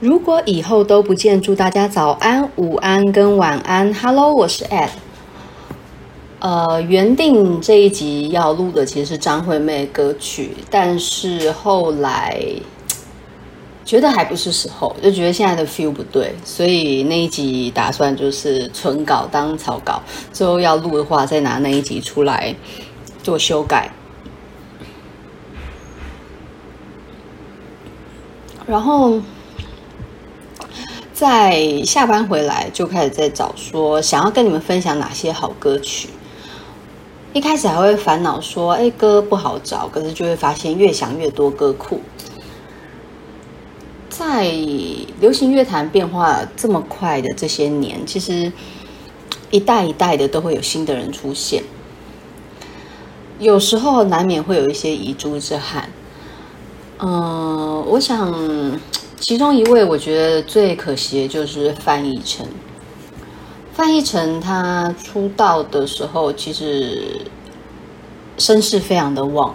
如果以後都不見，祝大家早安、午安跟晚安。Hello，我是 AD。呃，原定這一集要錄的其實是張惠妹歌曲，但是後來覺得還不是時候，就覺得現在的 feel 不對，所以那一集打算就是存稿當草稿，最後要錄的話再拿那一集出來做修改。然後。在下班回來就開始在找，說想要跟你們分享哪些好歌曲。一開始還會煩惱說，哎、欸，歌不好找，可是就會發現越想越多歌庫。在流行樂壇變化這麼快的這些年，其實一代一代的都會有新的人出現，有時候難免會有一些遺珠之憾。嗯，我想其中一位，我覺得最可惜的就是范逸臣。范逸臣他出道的時候，其實聲勢非常的旺，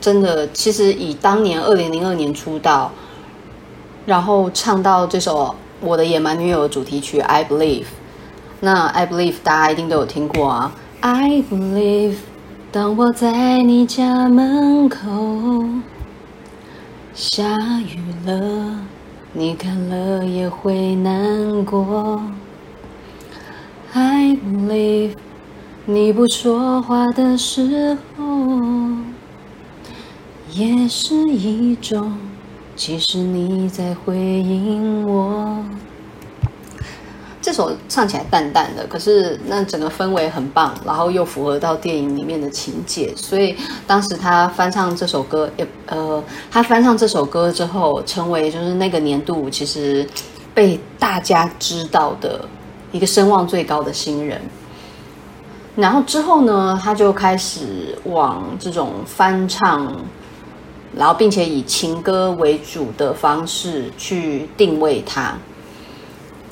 真的，其實以當年二零零二年出道，然後唱到這首《我的野蠻女友》主題曲《I Believe》，那《I Believe》大家一定都有聽過啊。I Believe，當我在你家門口。下雨了，你看了也會難過。I believe，你不說話的時候，也是一種，其實你在回應我。這首唱起來淡淡的，可是那整個氛圍很棒，然後又符合到電影裡面的情節，所以當時他翻唱這首歌，也，呃，他翻唱這首歌之後，成為就是那個年度其實被大家知道的一個聲望最高的新人。然後之後呢，他就開始往這種翻唱，然後並且以情歌為主的方式去定位他。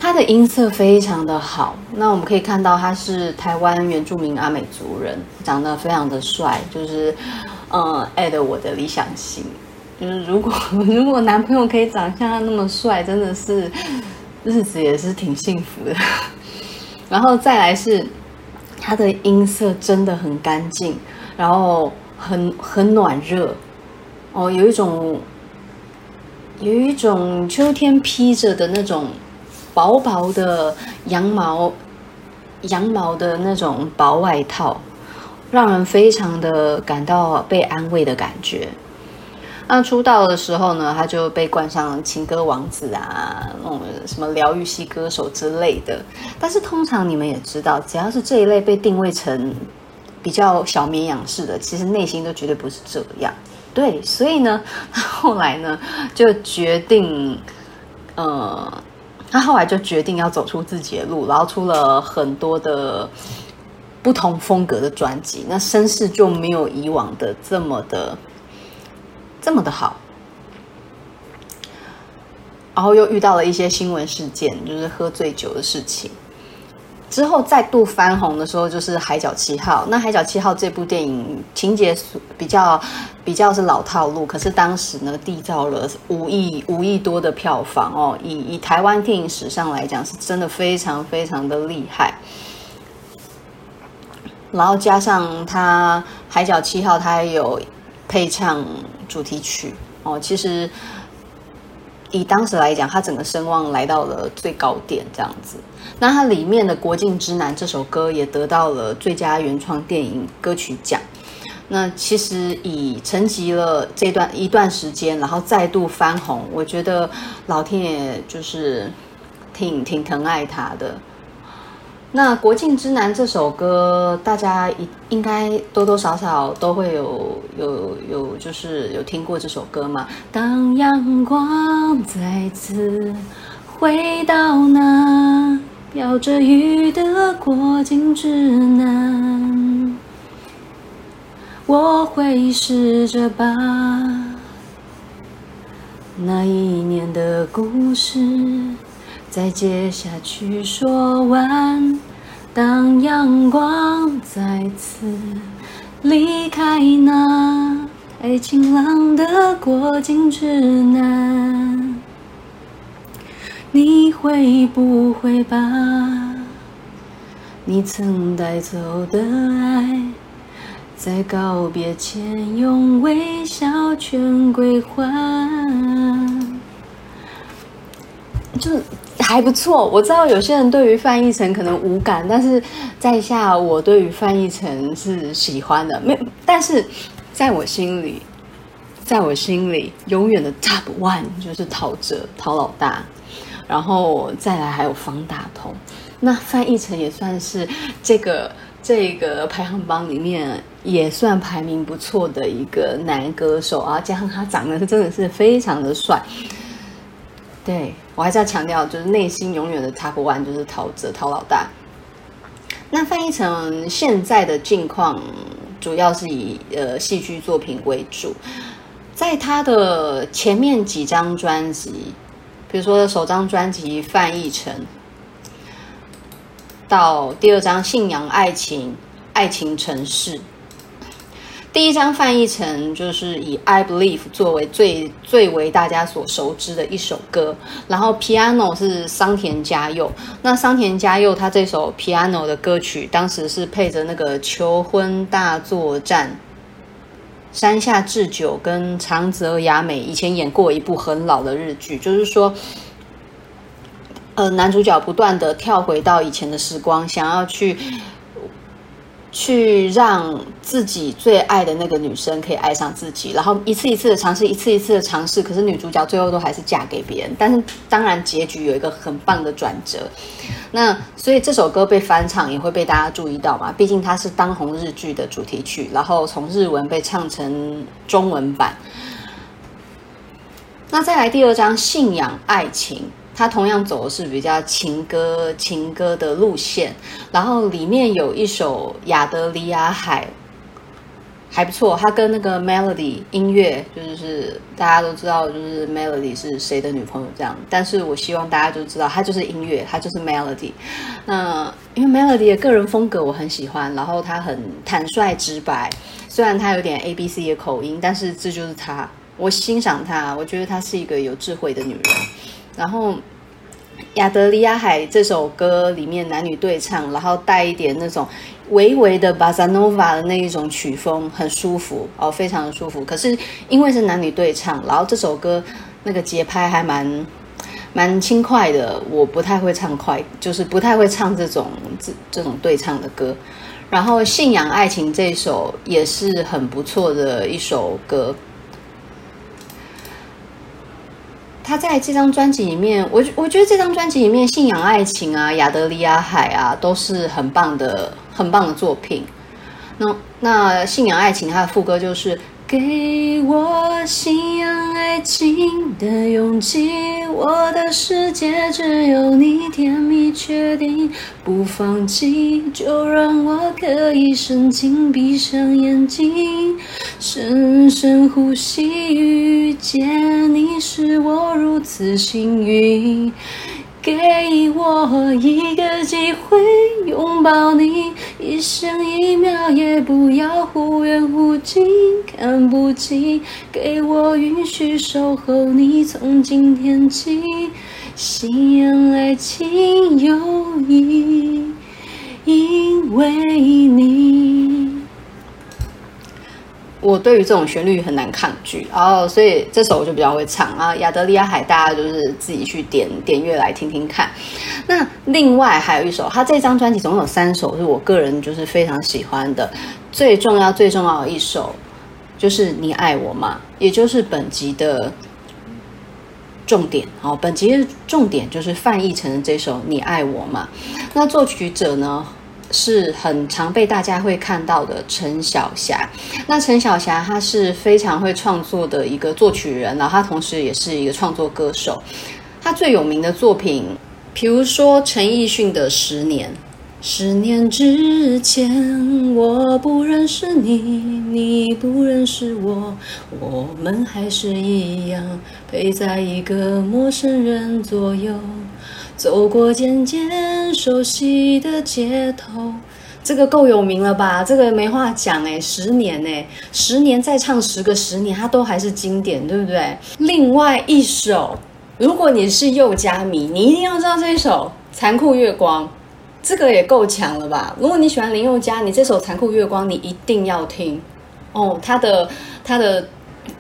他的音色非常的好。那我們可以看到他是台灣原住民阿美族人。長得非常的帥。就是，呃、嗯、愛的我的理想型，就是如果如果男朋友可以長像他那麼帥，真的是日子也是挺幸福的。然後再來是他的音色真的很乾淨，然後很很暖熱，哦，有一種有一種秋天披着的那種，薄薄的羊毛，羊毛的那種薄外套，讓人非常的感到被安慰的感覺。那出道的時候呢，他就被冠上情歌王子啊，那種、嗯、什麼療癒系歌手之類的。但是通常你們也知道，只要是這一類被定位成比較小綿羊式的，其實內心都絕對不是這樣。對，所以呢，後來呢，就決定，呃。他後來就決定要走出自己的路，然後出了很多的不同風格的專輯。那聲勢就沒有以往的這麼的這麼的好。然後又遇到了一些新聞事件，就是喝醉酒的事情。之後再度翻紅的時候，就是《海角七號》。那《海角七號》這部電影情節比較比較是老套路，可是當時呢，締造了五億五億多的票房哦。以以台灣電影史上來講，是真的非常非常的厲害。然後加上它《海角七號》，它還有配唱主題曲哦。其實。以當時來講，他整個聲望來到了最高點，這樣子。那他裡面的《國境之南》這首歌也得到了最佳原創電影歌曲獎。那其實已沉寂了這一段一段時間，然後再度翻紅，我覺得老天爺就是挺挺疼愛他的。那《國境之南》這首歌，大家應應該多多少少都會有有有，就是有聽過這首歌嘛？當陽光再次回到那飄着雨的國境之南，我會試着把那一年的故事。再接下去說完，當陽光再次離開那愛情浪的國境之南，你會不會把你曾帶走的愛，在告別前用微笑全歸還？就還不錯，我知道有些人對於范逸臣可能無感，但是在下我對於范逸臣是喜歡的。沒，但是在我心裡，在我心裡永遠的 Top One 就是陶喆陶老大，然後再來還有方大同。那范逸臣也算是這個這個排行榜裡面也算排名不錯的一個男歌手啊，加上他長得是真的是非常的帥，對。我還是要強調，就是內心永遠的 Top One，就是陶喆陶老大。那范逸臣現在的境況，主要是以呃戲劇作品為主。在他的前面幾張專輯，比如說首張專輯《范逸臣》，到第二張《信仰愛情》，《愛情城市》。第一張翻譯成就是以 I Believe 作為最最為大家所熟知的一首歌，然後 Piano 是桑田佳祐。那桑田佳祐他這首 Piano 的歌曲，當時是配着那個求婚大作戰，山下智久跟長澤雅美以前演過一部很老的日劇，就是說，呃，男主角不斷地跳回到以前的時光，想要去。去讓自己最愛的那個女生可以愛上自己，然後一次一次的嘗試，一次一次的嘗試。可是女主角最後都還是嫁給別人，但是當然結局有一個很棒的轉折。那所以這首歌被翻唱也會被大家注意到嘛，畢竟它是當紅日劇的主題曲，然後從日文被唱成中文版。那再來第二張《信仰愛情》。他同樣走的是比較情歌情歌的路線，然後裡面有一首《亞德里亞海》，還不錯。他跟那個 Melody 音樂就是大家都知道，就是 Melody 是誰的女朋友這樣。但是我希望大家就知道，他就是音樂，他就是 Melody。那因為 Melody 的個人風格我很喜歡，然後他很坦率直白，雖然他有點 ABC 的口音，但是這就是他。我欣賞他，我覺得他是一個有智慧的女人。然後，《亞德里亞海》這首歌裡面男女對唱，然後帶一點那種微微的巴塞 v a 的那一種曲風，很舒服哦，非常的舒服。可是因為是男女對唱，然後這首歌那個節拍還蠻蠻輕快的，我不太會唱快，就是不太會唱這種這這種對唱的歌。然後，《信仰愛情》這首也是很不錯的一首歌。他在這張專輯裡面，我我覺得這張專輯裡面《信仰愛情》啊，《亞德里亞海》啊，都是很棒的很棒的作品。那那《信仰愛情》它的副歌就是。給我信仰愛情的勇氣，我的世界只有你，甜蜜確定不放棄，就讓我可以深情閉上眼睛，深深呼吸，遇見你是我如此幸運。給我一個機會擁抱你，一生一秒也不要忽遠忽近，看不清。給我允許守候你，從今天起，信仰愛情有意義，因為你。我對於這種旋律很難抗拒哦，所以這首我就比較會唱啊。亞德利亞海，大家就是自己去點點樂來聽聽看。那另外還有一首，他這張專輯總共有三首是我個人就是非常喜歡的。最重要最重要的一首就是“你愛我嗎”，也就是本集的重點。哦、本集的重點就是范逸臣的這首“你愛我嗎”。那作曲者呢？是很常被大家會看到的陳小霞。那陳小霞她是非常會創作的一個作曲人，然後她同時也是一個創作歌手。她最有名的作品，比如說陳奕迅的《十年》。十年之前，我不認識你，你不認識我，我們還是一樣，陪在一個陌生人左右。走過漸漸熟悉的街頭，這個夠有名了吧？這個沒話講誒，十年誒，十年再唱十個十年，它都還是經典，對不對？另外一首，如果你是宥嘉迷，你一定要知道這一首《殘酷月光》，這個也夠強了吧？如果你喜歡林宥嘉，你這首《殘酷月光》你一定要聽哦，他的他的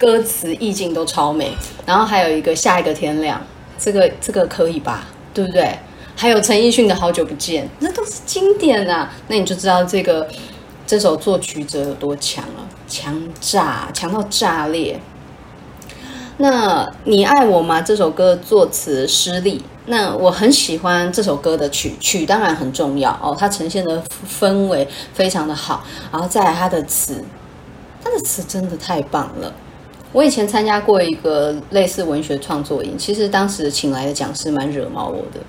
歌詞意境都超美。然後還有一個《下一個天亮》，這個這個可以吧？對不對？還有陳奕迅的好久不見，那都是經典啊。那你就知道這個這首作曲者有多強了啊，強炸，強到炸裂。那《你愛我嗎》這首歌作詞失利，那我很喜歡這首歌的曲，曲當然很重要哦，它呈現的氛圍非常的好，然後再來它的詞，它的詞真的太棒了。我以前參加過一個類似文學創作營，其實當時請來的講師蠻惹毛我的，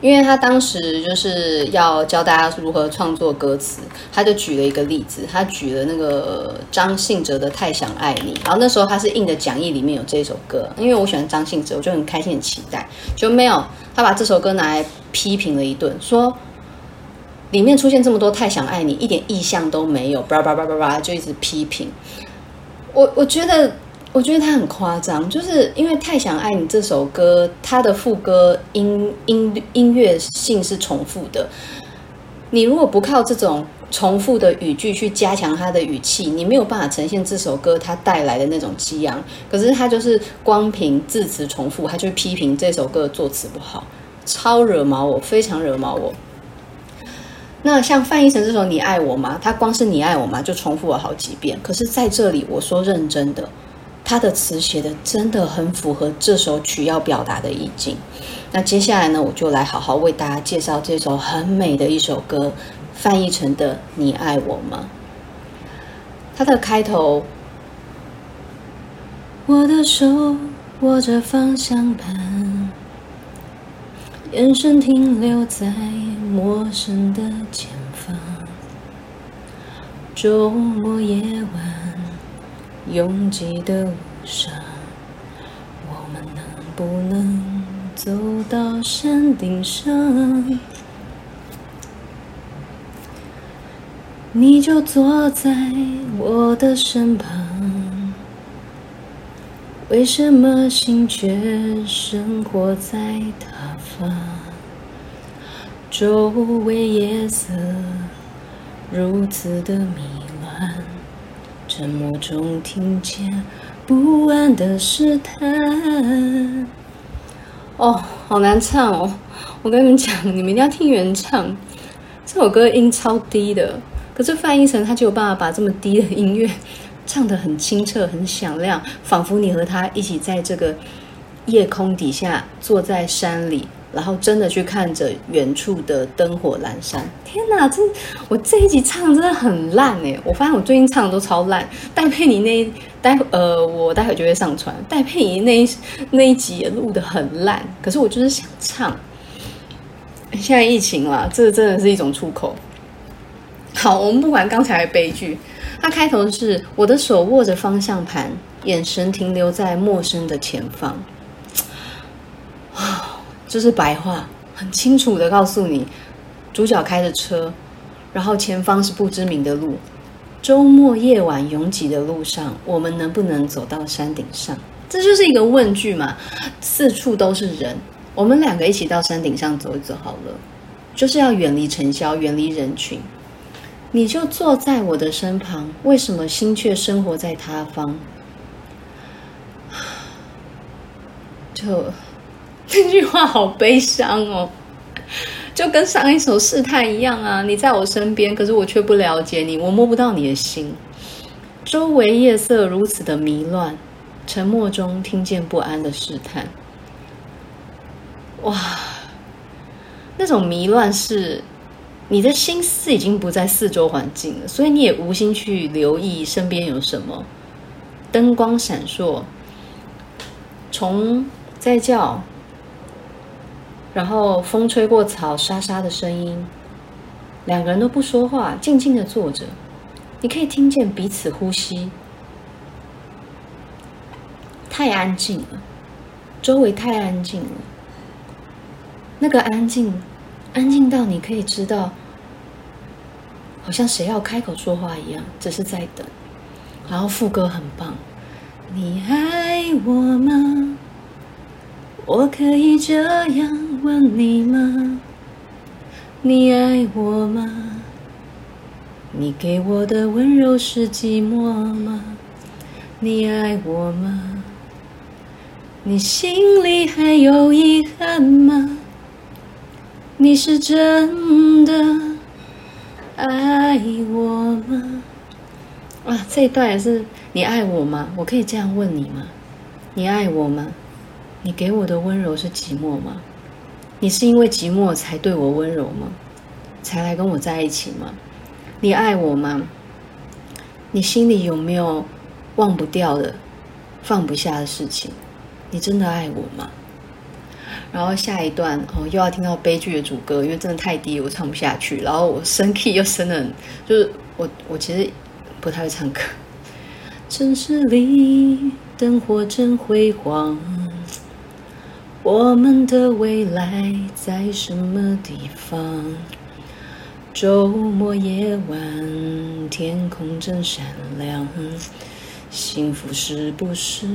因為他當時就是要教大家如何創作歌詞，他就舉了一個例子，他舉了那個張信哲的《太想愛你》，然後那時候他是印的講義裡面有這首歌，因為我喜歡張信哲，我就很開心很期待，就沒有他把這首歌拿來批評了一頓，說裡面出現這麼多“太想愛你”，一點意象都沒有，叭叭叭叭叭就一直批評，我我覺得。我覺得他很誇張，就是因為《太想愛你》這首歌，他的副歌音音音樂性是重複的。你如果不靠這種重複的語句去加強他的語氣，你沒有辦法呈現這首歌它帶來的那種激昂。可是他就是光憑字詞重複，他就批評這首歌的作詞不好，超惹毛我，非常惹毛我。那像范逸臣這首《你愛我嗎》，他光是你愛我嗎就重複了好幾遍。可是在這裡，我說認真的。他的詞寫的真的很符合這首曲要表達的意境。那接下來呢，我就來好好為大家介紹這首很美的一首歌，范逸臣的《你愛我嗎》。它的開頭：我的手握着方向盤，眼神停留在陌生的前方，周末夜晚。擁擠的路上，我們能不能走到山頂上？你就坐在我的身旁，為什麼心卻生活在他方？周圍夜色如此的迷。沉默中聽見不安的試探。哦，oh，好難唱哦！我跟你們講，你們一定要聽原唱。這首歌音超低的，可是范逸臣他就有辦法把這麼低的音樂唱得很清澈、很響亮，仿佛你和他一起在這個夜空底下坐在山裡。然後真的去看着遠處的燈火闌珊，天哪，這我這一集唱真的很爛哎！我發現我最近唱的都超爛。戴佩妮那一待會呃，我待會兒就會上傳。戴佩妮那一那一集也錄得很爛，可是我就是想唱。現在疫情啦，這真的是一種出口。好，我們不管剛才的悲劇，它開頭是我的手握着方向盤，眼神停留在陌生的前方。就是白話，很清楚的告訴你，主角開着車，然後前方是不知名的路，周末夜晚擁擠的路上，我們能不能走到山頂上？這就是一個問句嘛。四處都是人，我們兩個一起到山頂上走一走好了。就是要遠離塵囂，遠離人群。你就坐在我的身旁，為什麼心卻生活在他方？就。這句話好悲傷哦，就跟上一首試探一樣啊！你在我身邊，可是我卻不了解你，我摸不到你的心。周圍夜色如此的迷亂，沉默中聽見不安的試探。哇，那種迷亂是，你的心思已經不在四周環境了，所以你也無心去留意身邊有什麼。燈光閃爍，蟲在叫。然後風吹過草沙沙的聲音，兩個人都不說話，靜靜的坐着，你可以聽見彼此呼吸。太安靜了，周圍太安靜了，那個安靜，安靜到你可以知道，好像誰要開口說話一樣，只是在等。然後副歌很棒，你愛我嗎？我可以這樣。問你嗎？你愛我嗎？你給我的溫柔是寂寞嗎？你愛我嗎？你心裡還有遺憾嗎？你是真的愛我嗎？哇、啊，這一段也是你愛我嗎？我可以這樣問你嗎？你愛我嗎？你給我的溫柔是寂寞嗎？你是因為寂寞才對我溫柔嗎？才來跟我在一起嗎？你愛我嗎？你心裡有沒有忘不掉的、放不下的事情？你真的愛我嗎？然後下一段哦，又要聽到悲劇的主歌，因為真的太低，我唱不下去。然後我升 key 又升得很，就是我我其實不太會唱歌。城市裡燈火真輝煌。我們的未來在什麼地方？周末夜晚，天空真閃亮，幸福是不是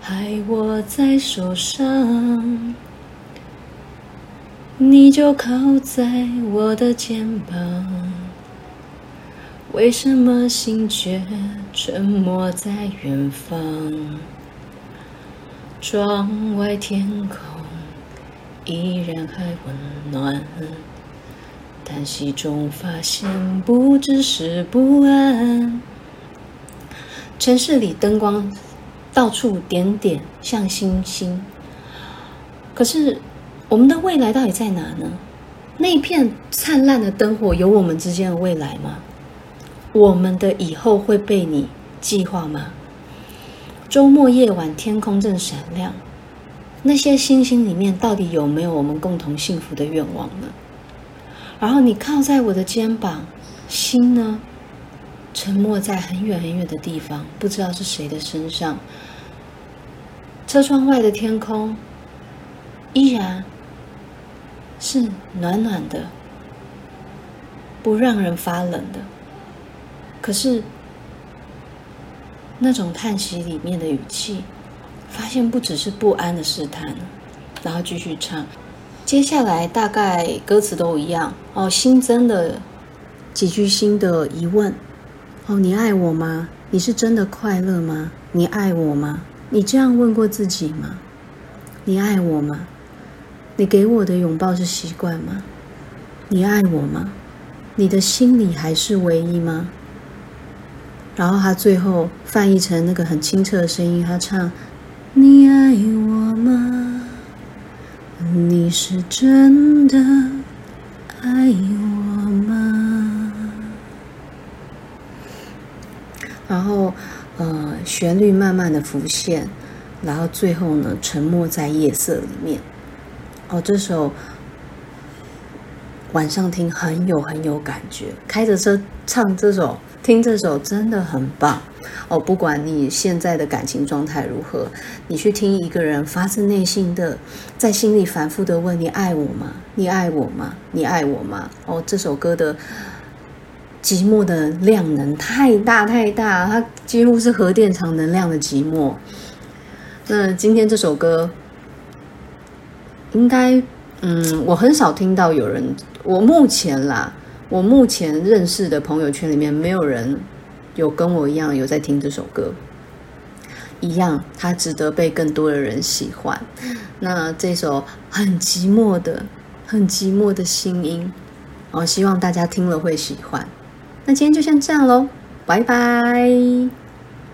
還握在手上？你就靠在我的肩膀，為什麼心卻沉默在遠方？窗外天空依然還溫暖，嘆息中發現不只是不安。城市裡燈光到處點點，像星星。可是我們的未來到底在哪呢？那一片燦爛的燈火，有我們之間的未來嗎？我們的以後會被你計劃嗎？週末夜晚，天空正閃亮，那些星星裡面到底有沒有我們共同幸福的願望呢？然後你靠在我的肩膀，心呢，沉默在很遠很遠的地方，不知道是誰的身上。車窗外的天空，依然是暖暖的，不讓人發冷的，可是。那種嘆息裡面的語氣，發現不只是不安的試探，然後繼續唱。接下來大概歌詞都一樣哦，新增的幾句新的疑問哦，你愛我嗎？你是真的快樂嗎？你愛我嗎？你這樣問過自己嗎？你愛我嗎？你給我的擁抱是習慣嗎？你愛我嗎？你的心裡還是唯一嗎？然後他最後翻譯成那個很清澈的聲音，他唱：“你愛我嗎？你是真的愛我嗎？”然後，呃，旋律慢慢的浮現，然後最後呢，沉默在夜色裡面。哦，這首。晚上聽很有很有感覺，開着車唱這首，聽這首真的很棒。哦，不管你現在的感情狀態如何，你去聽一個人發自內心的，在心裡反覆的問：你愛我嗎？你愛我嗎？你愛我嗎？哦，這首歌的寂寞的量能太大太大，它幾乎是核電廠能量的寂寞。那今天這首歌，應該嗯，我很少聽到有人。我目前啦，我目前認識的朋友圈裡面沒有人有跟我一樣有在聽這首歌，一樣它值得被更多的人喜歡。那這首很寂寞的、很寂寞的心音，希望大家聽了會喜歡。那今天就先這樣嘍，拜拜。